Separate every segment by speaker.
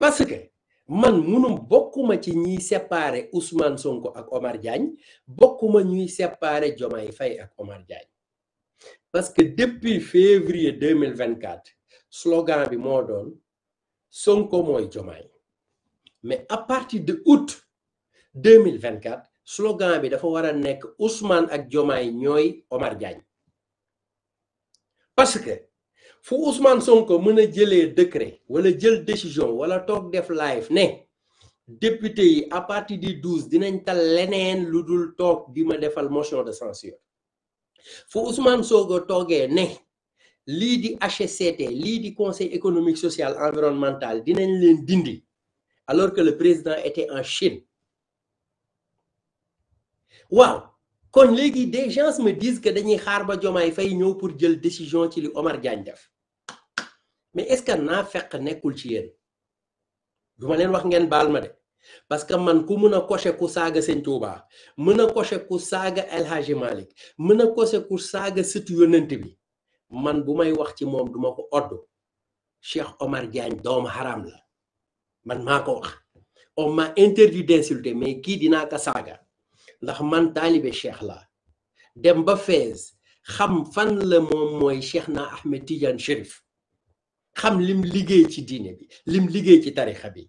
Speaker 1: parce que man munum bokkuma ci ñiy séparer Ousmane Sonko ak Omar Diagne bokkuma ñuy séparer Diomaye Faye ak Omar Diagne parce que depuis février 2024 slogan bi moo doon Sonko mooy Diomaye mais à partir de août 2024 slogan bi dafa war a nekk Ousmane ak Diomaye ñooy Omar Diagne que fu Ousmane Sonko mën a jëlee décret wala jël décision wala toog def live ne député yi à partir du 12 dinañ tal leneen lu dul toog di ma defal motion de censure fu Ousmane Sonko toogee ne lii di HCT lii di conseil économique social environnemental dinañ leen dindi alors que le président était en Chine waaw kon léegi des gens me disent que dañuy xaar ba Diomaye fay ñëw pour jël décision ci li Omar Diagne def mais est-ce que naa fekk nekkul ci yéen du ma leen wax ngeen baal ma de parce que man ku mën a coché ku saaga Sëñ Tuubaa mën a coché ku saaga El Hadji Malick mën a coché ku saaga sëtu yonent bi man bu may wax ci moom duma ko odd Cheikh Omar Diagne doomu haram la man maa ko wax on m'a interdit d'insulter mais kii dinaa ko saaga ndax man taalibe cheikh la dem ba fees xam fan la moom mooy Cheikh na Ahmed Tidiane Chérif xam lim liggéey ci diine bi lim liggéey ci tarixa bi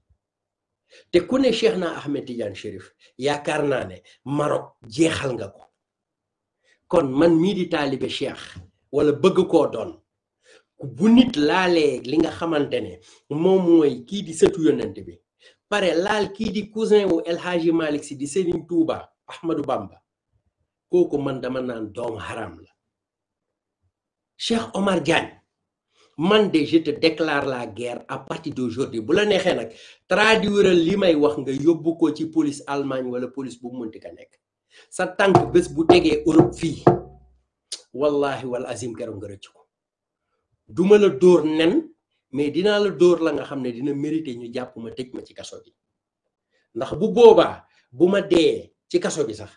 Speaker 1: te ku ne Cheikh na Ahmed Tidiane Chérif yaakaar naa ne Maroc jeexal nga ko kon man mii di taalibe Cheikh wala bëgg koo doon bu nit laalee li nga xamante ne moom mooy kii di sëtu yonent bi pare laal kii di cousin wu El Hadji Malick si di Serigne Touba Ahmadou Bamba kooku man dama naan doom haram la Cheikh Omar Diagne man je te déclare la guerre à partir d'aujourd'hui bu la traduire li may wax nga ci police Allemagne wala police bu sa tank bes bu tégué Europe fi wallahi walazim azim keroog nga ko nen nga dina mérité ñu ma ci kasso bi ndax bu boba bu ma ci kasso bi sax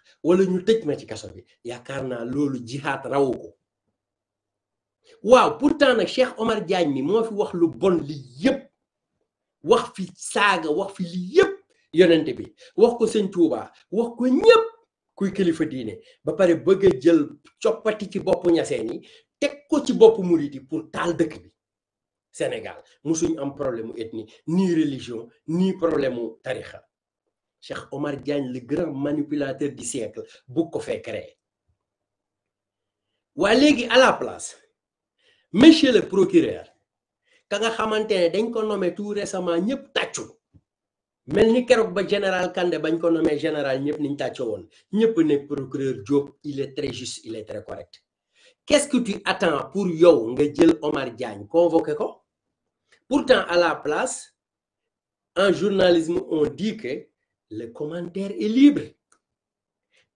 Speaker 1: waaw pourtant nag Cheikh Omar Diagne ni moo fi wax lu bon li yëpp wax fi saaga wax fi li yëpp yonent bi wax ko sëñ Tuuba wax ko ñëpp kuy kilifa diine ba pare bëgg jël coppati ci boppu ñaseen yi teg ko ci bopp murit yi pour taal dëkk bi Sénégal musuñ am problème mu ethnie ni religion ni problème mu tarixa Cheikh Omar Diagne le grand manipulateur di siècle bu ko fee créé waaye léegi à la place monsieur le procureur ka nga xamantene dañ ko nommé tout récemment ñepp tatchu melni ba général Kandé bañ général procureur Diop il est très juste il est très correct qu'est-ce que tu attends pour yow nga jël Omar Diagne ko pourtant à la place en journalisme on dit que le commentaire est libre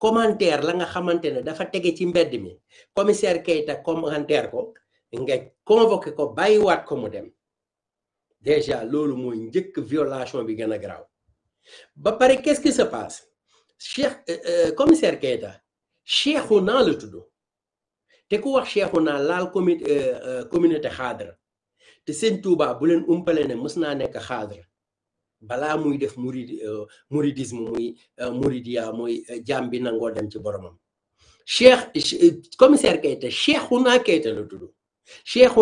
Speaker 1: commentaire la nga dafa ci mi commissaire commentaire nga convoqué ko bàyyiwaat ko mu dem déjà loolu mooy njëkk violation bi gën a garaaw ba pare qu'est-ce qui se passe cheikh euh, euh, commissaire Keita Cheikhouna la tudd te ku wax Cheikhouna laal comi euh, communauté xaadra te seen Touba bu leen umpale ne mës naa nekk xaadra balaa muy def murid muridisme muy muridiya muy jaam bi nangoo dem ci boromam cheikh commissaire Keita Cheikhouna Keita la tudd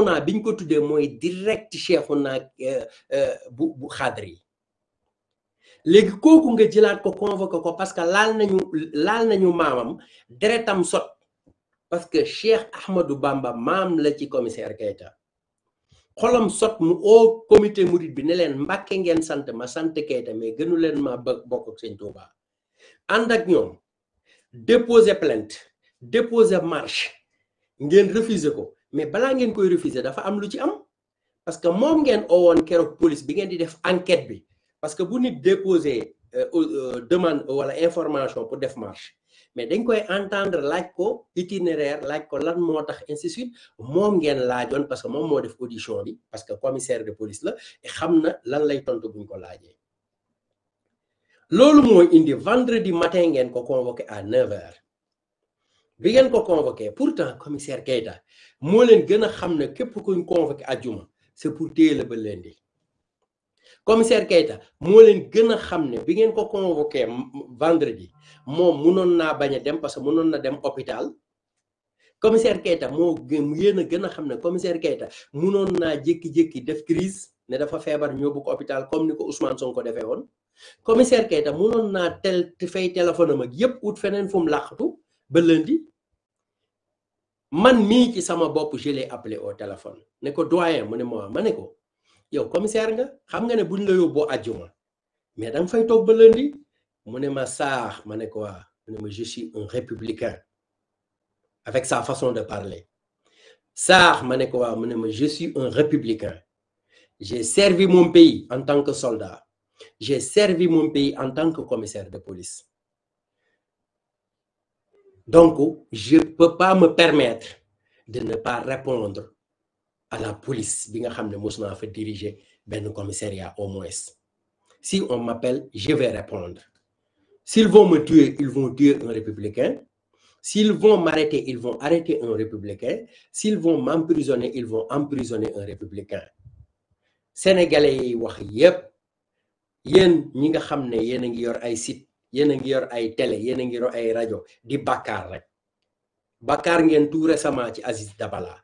Speaker 1: naa biñ ko tuddee mooy direct cheikhuna eh, eh, bu bu xaadri yi léegi kooku nga jëlaat ko convoqué ko parce que laal nañu laal maamam deretam sot parce que cheikh Ahmadou Bamba maam la ci commissaire Keita xolam sot mu oo comité murid bi ne leen mbàkke ngeen sant ma sant Keita mais gënu leen ma ba bokk ak sëñ Tuuba ànd ak ñoom déposer plainte déposer marche ngeen refuser ko mais bala ngeen koy refuser dafa am lu ci am parce que mom ngeen owoon kérok police bi ngeen di def enquête bi parce que bu nit déposer euh, euh, demande wala information pour def marche mais dañ koy entendre laaj ko itinéraire laaj ko lan moo tax ainsi de suite moom ngeen laajoon parce que mom mo def audition bi parce que commissaire de police la et xam lan lay tontu buñ ko laajee lolu moy indi vendredi matin ngeen ko convoqué à 9h. bi ngeen ko convoqué pourtant commissaire Keita moo leen gën a xam ne képp kuñ convoqué ajuma c'est pour téye la ba leen di commissaire Keita moo leen gën a xam ne bi ngeen ko convoqué vendredi moom munoon naa bañ a dem parce que munoon na dem hôpital commissaire Keita moo yéen a gën a xam ne commissaire Keita munoon naa jékki-jékki def crise ne dafa feebar ñoo bu hôpital comme ni ko Ousmane ko defee woon commissaire Keita munoon naa tel fay téléphone am ak yëpp ut feneen fu mu ba lundi man mii ci sama bop je l'ai appelé au téléphone ne ko doyen mu ne ma ma ne ko yow commissaire nga xam nga ne buñ la yobbo mais dang fay toog ba lundi ne ma sax ma ne ko wa je suis un républicain avec sa façon de parler sax ma ne ko wa ne je suis un républicain j'ai servi mon pays en tant que soldat j'ai servi mon pays en tant que commissaire de police donc, je ne peux pas me permettre de ne pas répondre à la police bi nga commissariat au moins si on m'appelle je vais répondre s'ils vont me tuer ils vont tuer un républicain s'ils vont m'arrêter ils vont arrêter un républicain s'ils vont m'emprisonner ils vont emprisonner un républicain sénégalais yéen a ngi yor ay télé yéen a ngi yor ay rajo di bakkaar rek bakkaar ngeen tout récemment ci Aziz Dabala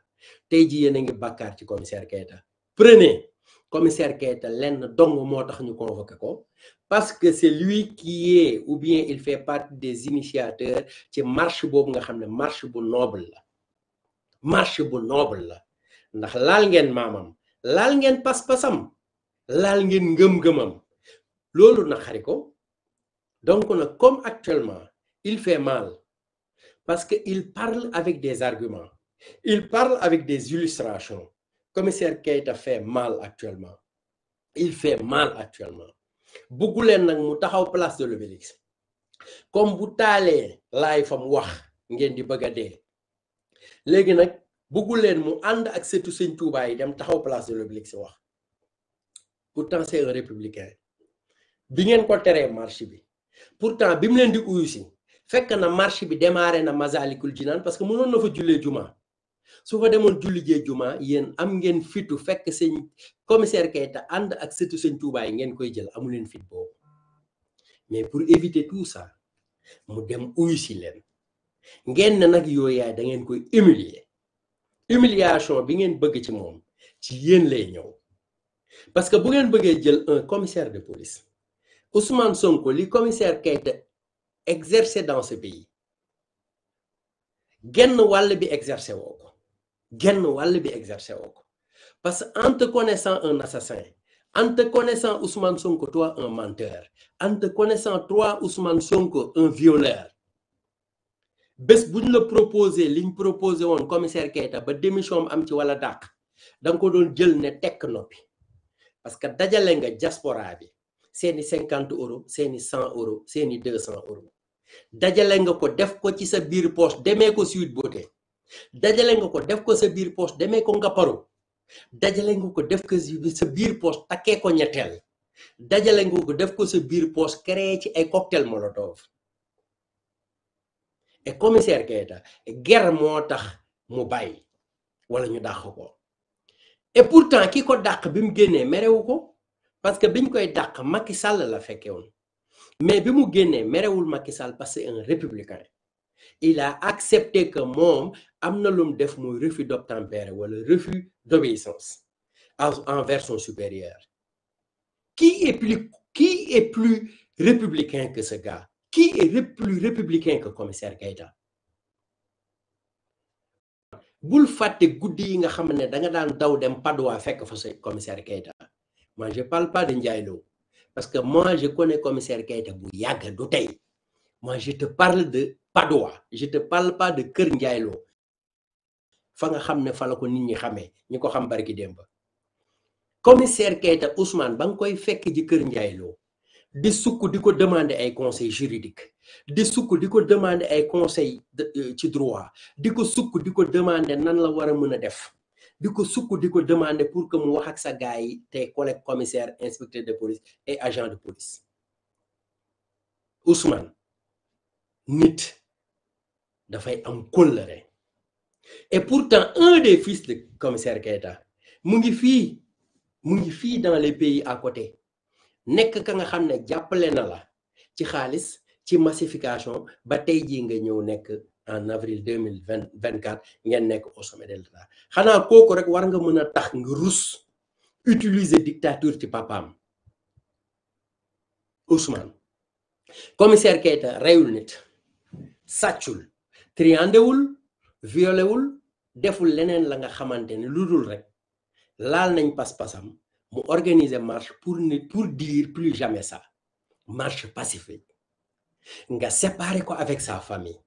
Speaker 1: tey ji yéen a ngi bakkaar ci commissaire Keita prenez commissaire Keita lenn dong moo tax ñu convoqué ko parce que c'est lui qui est ou bien il fait partie des initiateurs ci marche boobu nga xam ne marche bu noble la marche bu noble la ndax laal ngeen maamam laal ngeen pas-pasam laal ngeen ngëm-ngëmam loolu na ko donc, comme actuellement, il fait mal parce qu'il parle avec des arguments, il parle avec des illustrations. commissaire Keita fait mal actuellement. Il fait mal actuellement. Beaucoup len nak mu taxaw place de l'obélix. Comme vous talé lay fam vous avez di bëgg dé. Légui nak beaucoup len mu and ak setu Seigne Touba yi dem taxaw place de l'obélix Pourtant c'est un républicain. Vous ngeen ko téré marché pourtant bi mu leen di uyu si fekk na marche bi demare na Masalikul naan parce que mënoon na fa jullee juma su fa demoon julli jee juma yéen am ngeen fitu fekk sëñ commissaire Keita ànd ak sëtu sëñ Touba ngeen koy jël amu leen fit boobu mais pour éviter tout ça mu dem uyu si leen ngeen ne nag yooyu yaay da ngeen koy humilier humiliation bi ngeen bëgg ci moom ci yéen lay ñëw parce que bu ngeen bëggee jël un commissaire de police. Ousmane Sonko le commissaire Keïta exercé dans ce pays il wàll bi exercé woo ko exercé parce qu'en te connaissant un assassin en te connaissant Ousmane Sonko toi un menteur en te connaissant toi Ousmane Sonko un violeur si bu le la proposer, proposer proposé commissaire qui ba démission am ci wala dàq dang ko doon jël parce que dajalé nga diaspora bi. Seni 50 euros seni 100 euros seni 200 euro. euros dajale nga ko def ko ci sa bir poche demé ko suite beauté dajale nga ko def ko sa pos poche demé ko nga paru dajale nga ko def ko sa bir poche také ko ñettel dajale nga ko def ko sa pos poche créé ci ay cocktail molotov et commissaire Keita guerre motax mu bàyyi wala ñu dakh ko et pourtant ki ko bimu bi méré wuko parce que biñ koy dàq Macky Sall la fekkewon mais bi mu génnee merewul Macky Sall parce que un républicain il a accepté que mom amna na lum def moy refus d'obtempérer wala refus d'obéissance envers son supérieur qui est plus qui est plus républicain que ce gars qui est plus républicain que commissaire Keïta bul fàtte guddi yi nga xam ne da nga daan daw dem Padoa fekk fa commissaire Keïta moi, je ne parle pas de Ndiaïlo. Parce que moi, je connais le commissaire Keita Bouyag Doutei. Moi, je te parle de Padoa. Je ne te parle pas de Ker Ndiaïlo. fa nga ne fa la ko nit ñi ñi ko xam barki commissaire Keita Ousmane quand il koy fekk ji kër njaayloo di demander ay conseil juridique di soukou diko ay conseil euh, ci droit diko soukou diko demande demander nan la wara a def diko ko diko demander pour que mu wax ak sa gaay té collègue commissaire inspecteur de police et agent de police Ousmane nit fay am colère. et pourtant un des fils de commissaire Keita mu ngi fii mu ngi dans les pays à côté nek ka nga xamné ne na la ci xaalis ci massification ba tay ji nga ñew nek en avril 2024 y a au sommet de l'État tax dictature ci Papa. Ousmane commissaire Keita il nit sàccul triandewul deful leneen la nga xamante rek Lal pas-pasam mu organiser marche pour ne pour dire plus jamais ça marche pacifique nga séparer ko avec sa famille